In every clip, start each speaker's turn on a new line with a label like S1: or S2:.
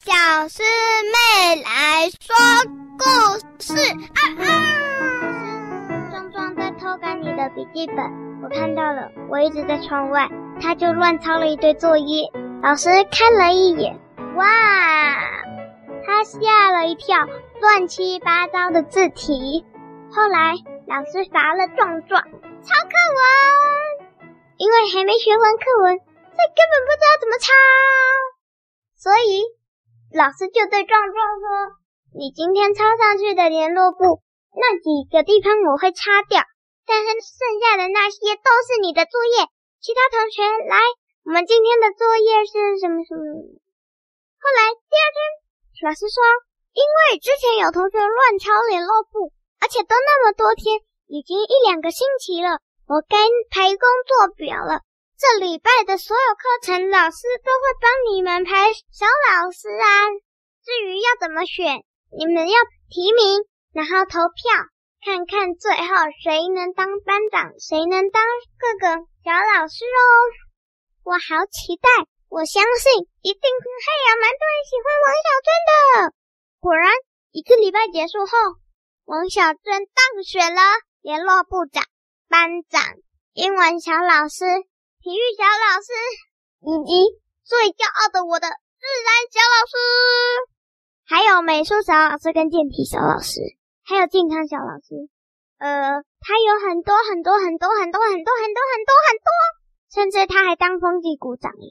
S1: 小獅妹來說故事。啊啊！嗯、壯壯在偷看你的筆記本，我看到了。我一直在窗外，他就亂抄了一堆作業。老師看了一眼，哇，他嚇了一跳，亂七八糟的字體。後來老師罰了壯壯抄課文，因為還沒學完課文，他根本不知道怎麼抄，所以。老師就對壯壯說：“你今天抄上去的聯絡簿那幾個地方我會擦掉，但是剩下的那些都是你的作業。其他同學來，我們今天的作業是什麼什麼？”後來第二天，老師說：“因為之前有同學亂抄聯絡簿，而且都那麼多天，已經一兩個星期了，我該排工作表了。”這禮拜的所有課程，老師都會幫你們排小老師啊。至於要怎麼選，你們要提名，然後投票，看看最後誰能當班長，誰能當各個小老師哦。我好期待，我相信一定會有蠻多人喜歡王小春的。果然，一個禮拜結束後，王小春當選了聯絡部長、班長、英文小老師。體育小老師，以及最驕傲的我的自然小老師，還有美術小老師跟健體小老師，還有健康小老師，呃，他有很多很多很多很多很多很多很多很多，甚至他還當風紀股長耶！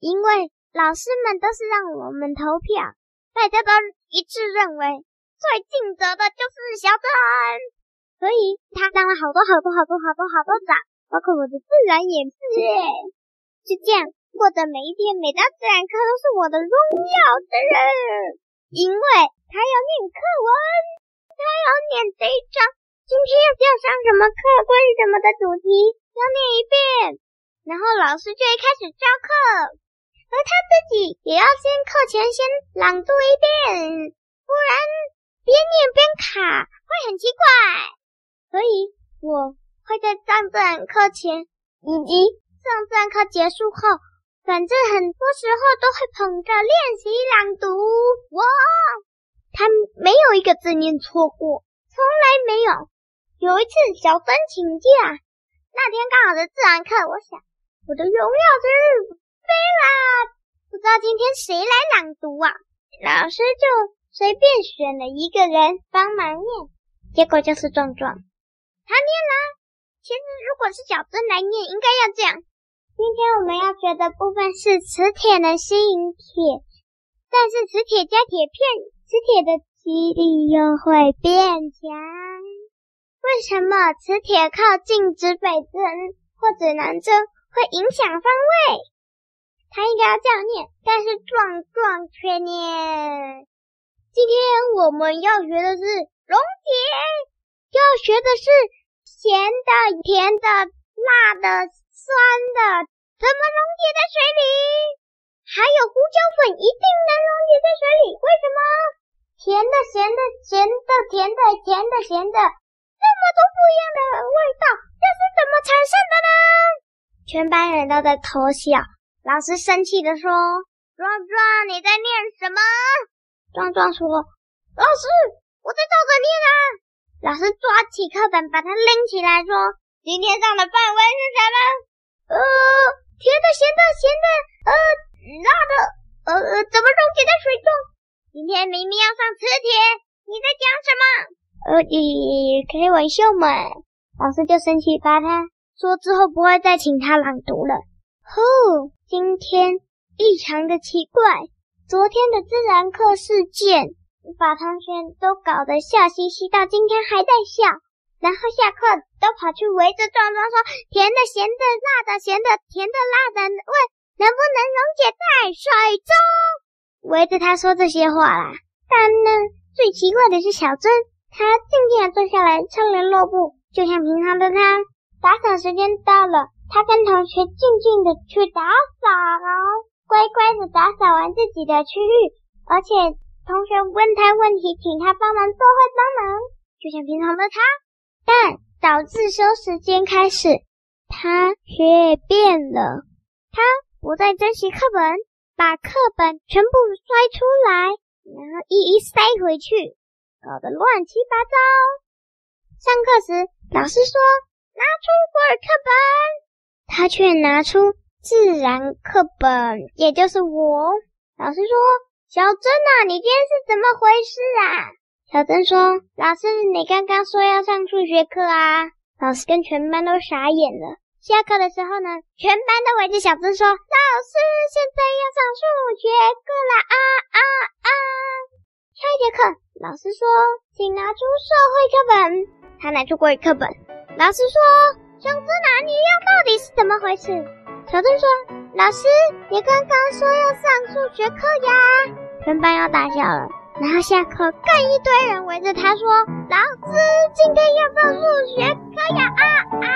S1: 因為老師們都是讓我們投票，大家都一致認為最盡責的就是小鄭，所以他當了好多好多好多好多好多長。包括我的自然演示，就這樣過的每一天，每到自然課都是我的榮耀的人，因為他要念課文，他要念這一章，今天要教上什麼課，關於是什麼的主題，要念一遍，然後老師就會開始教課，而他自己也要先課前先朗讀一遍，不然邊念邊卡會很奇怪，所以，我。會在上自然課前，以及、嗯嗯、上自然課結束後，反正很多時候都會捧着練習朗讀。哇，他沒有一個字念錯過，從來沒有。有一次小芬請假，啊，那天剛好的自然課，我想我的榮耀之日飛啦，不知道今天誰來朗讀啊？老師就隨便選了一個人幫忙念，結果就是壯壯，他念啦。其實，如果是小針來念，應該要這樣。今天我們要學的部分是磁鐵能吸引鐵，但是磁鐵加鐵片，磁鐵的吸力又會變強。為什麼磁鐵靠近指北針或指南針會影響方位？它應該要這樣念，但是壯壯卻念。今天我們要學的是溶解，要學的是。鹹的、甜的、辣的、酸的，怎麼溶解在水裡？還有胡椒粉一定能溶解在水裡，為什麼？甜的、鹹的、鹹的、甜的、甜的、鹹的，這麼多不一樣的味道，這是怎麼產生的呢？全班人都在偷笑，老師生氣地說：“壯壯，你在念什麼？”壯壯說：“老師，我在照着念啊。”老師抓起課本，把它拎起來說：“今天上的範文是什麼？呃，甜的，鹹的，鹹的，呃，辣的，呃，怎麼溶解在水中？今天明明要上磁鐵，你在講什麼？呃，咦，開玩笑嘛？”老師就生氣，把他說之後不會再請他朗讀了。吼，今天異常的奇怪，昨天的自然課事件。把同學都搞得笑嘻嘻，到今天還在笑。然後下課都跑去圍着壯壯說：“甜的、鹹的、辣的、鹹的，甜的、辣的，問能不能溶解在水中。”圍着他說這些話啦。但呢，最奇怪的是小珍，他靜靜的坐下來，收斂落布，就像平常的她。打掃時間到了，他跟同學靜靜的去打掃哦，乖乖的打掃完自己的區域，而且。同學問他問題，請他幫忙都會幫忙，就像平常的他。但早自修時間開始，他卻變了。他不再珍惜課本，把課本全部摔出來，然後一一塞回去，搞得亂七八糟。上課時，老師說拿出國語課本，他卻拿出自然課本，也就是我。老師說。小鄭吶、啊，你今天是怎麼回事啊？小鄭說：“老師，你剛剛說要上數學課啊？”老師跟全班都傻眼了。下課的時候呢，全班都圍着小鄭說：“老師，現在要上數學課了啊，啊啊啊！”下一節課，老師說：“請拿出社會課本。”他拿出國語課本。老師說：“小鄭吶、啊，你要到底是怎麼回事？”小鄭說。老師，你剛剛說要上數學課呀？全班又大笑了，然後下課，更一堆人圍着他說：“老師，今天要上數學課呀啊啊！”